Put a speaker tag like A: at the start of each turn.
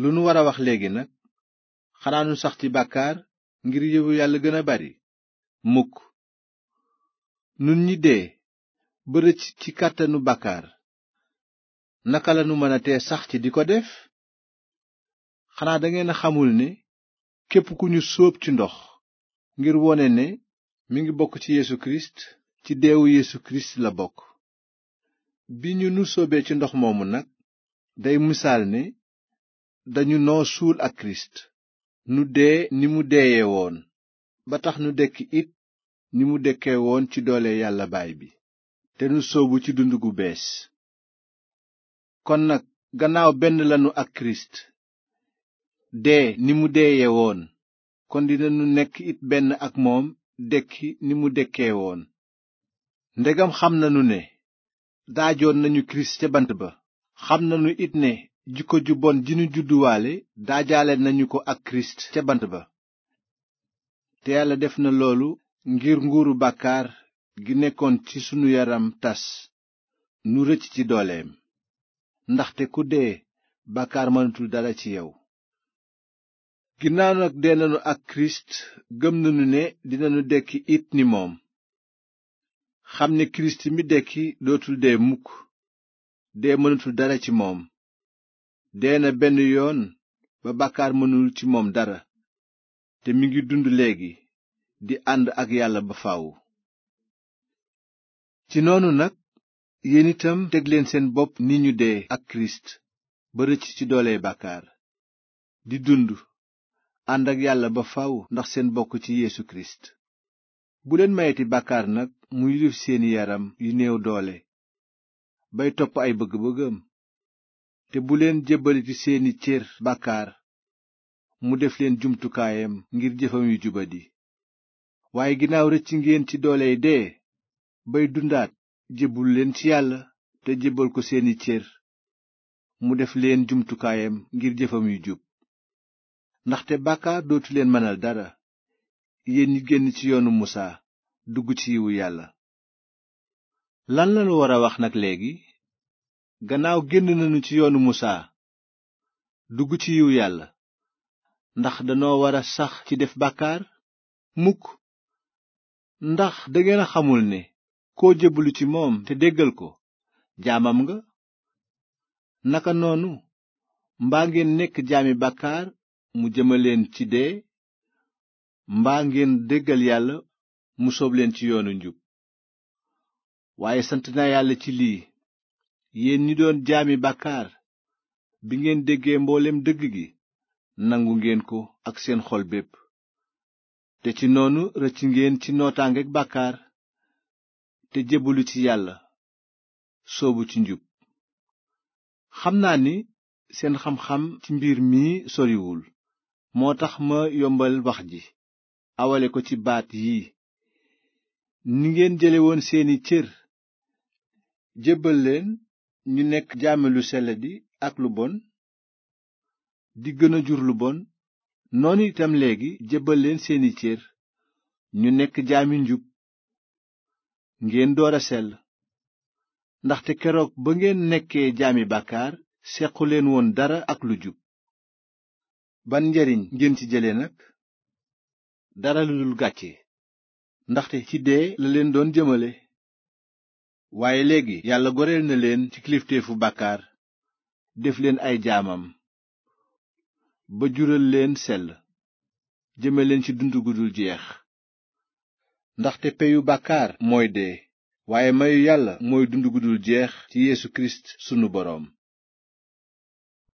A: lu nu wara wax léegi nag xanaa nu sax ci bàkkaar ngir yiwu yàlla gën a bari mukk nun ñi dee ba ci kàttanu bàkkaar naka lanu mën a tee sax ci di ko def xanaa dangeen a xamul ne képp ku ñu soob ci ndox ngir wone ne mu ngi bokk ci Yeesu Kirist ci deewu Yeesu Kirist la bokk bi ñu nu soobee ci ndox moomu nag day misaal ne dañu noo suul ak kirist nu dee ni mu deeye woon ba tax nu dekk it ni mu dekkee woon ci doole yàlla baay bi te nu sóobu ci dund gu bees kon nag gannaaw benn lanu ak kirist dee ni mu deeye woon kon dinanu nekk it benn ak moom dekki ni mu dekkee woon ndegam xam nanu ne daajoon nañu kirist ca bant ba xam nanu it ne jikko ju bon ji nu judduwaale daajaale nañu ko ak kirist ca bant ba te yàlla def na loolu ngir nguuru bàkkaar gi nekkoon ci sunu yaram tas nu rëcc ci dooleem ndaxte ku dee bàkkaar mënatul dara ci yow ginnaaw nag dee nanu ak kirist gëm nanu ne dinanu dekki it ni moom xam ne kirist mi dekki dootul dee mukk dee mënatul dara ci moom dee benn yoon ba bàkkaar mënul ci moom dara te mi ngi dund léegi di ànd ak yàlla ba faaw ci noonu nag yéen itam teg leen seen bopp ni ñu dee ak kirist ba rëcc ci doole bàkkaar di dund ànd ak yàlla ba faw ndax seen bokk ci yeesu kirist bu leen mayeti bàkkaar nag muy yilif seeni yaram yu néew doole bay topp ay bëgg-bëggam te bu leen jébbaliti seeni cër bàkkaar mu def leen jumtukaayam ngir jëfam yu jubadi waaye ginnaaw rëcc ngeen ci dooley dee bay dundaat jébbul leen ci yàlla te jébbal ko seeni cër mu def leen jumtukaayam ngir jëfam yu jub ndaxte bàkkaar dootu leen mënal dara yéen yi génn ci yoonu musaa dugg ci yiwu yàlla lan war a wax nag léegi gannaaw génn nañu ci yoonu musaa dugg ci yiw yàlla ndax danoo wara sax ci def bàkkaar mukk ndax dangeen a xamul ne koo jébbalu ci moom te déggal ko jaamam nga naka noonu mbaa ngeen nekk jaami bàkkaar mu jëmaleen ci dee mbaa ngeen déggal yàlla mu soob leen ci yoonu njub waaye sant naa yàlla ci lii yéen ñi doon jaami bàkkaar bi ngeen déggee mboolem dëgg gi nangu ngeen ko ak seen xol bépp te ci noonu rëcc ngeen ci nootaangeek bàkkaar te jébbalu ci yàlla soobu ci njub xam naa ni seen xam-xam ci mbir mii soriwul moo tax ma yombal wax ji awale ko ci baat yii ni ngeen jële woon seeni cër jébbal leen ñu nekk jaami lu di ak lu bon di gën a jur lu bon noonu itam léegi jébbal leen seeni cër ñu nekk jaami njub ngeen door a sell ndaxte keroog ba ngeen nekkee jaami bàkkaar sequleen woon dara ak lu jub ban njariñ ngeen ci jële nag dara lu gàcce ndaxte ci dee la leen doon jëmale waaye léegi yàlla goreel na leen ci kilifteefu bàkkaar def leen ay jaamam ba jural leen sell jëme leen ci dund gu dul jeex ndaxte peyu bàkkaar mooy dee waaye mayu yàlla mooy dund gu dul jeex ci yeesu kirist sunu boroom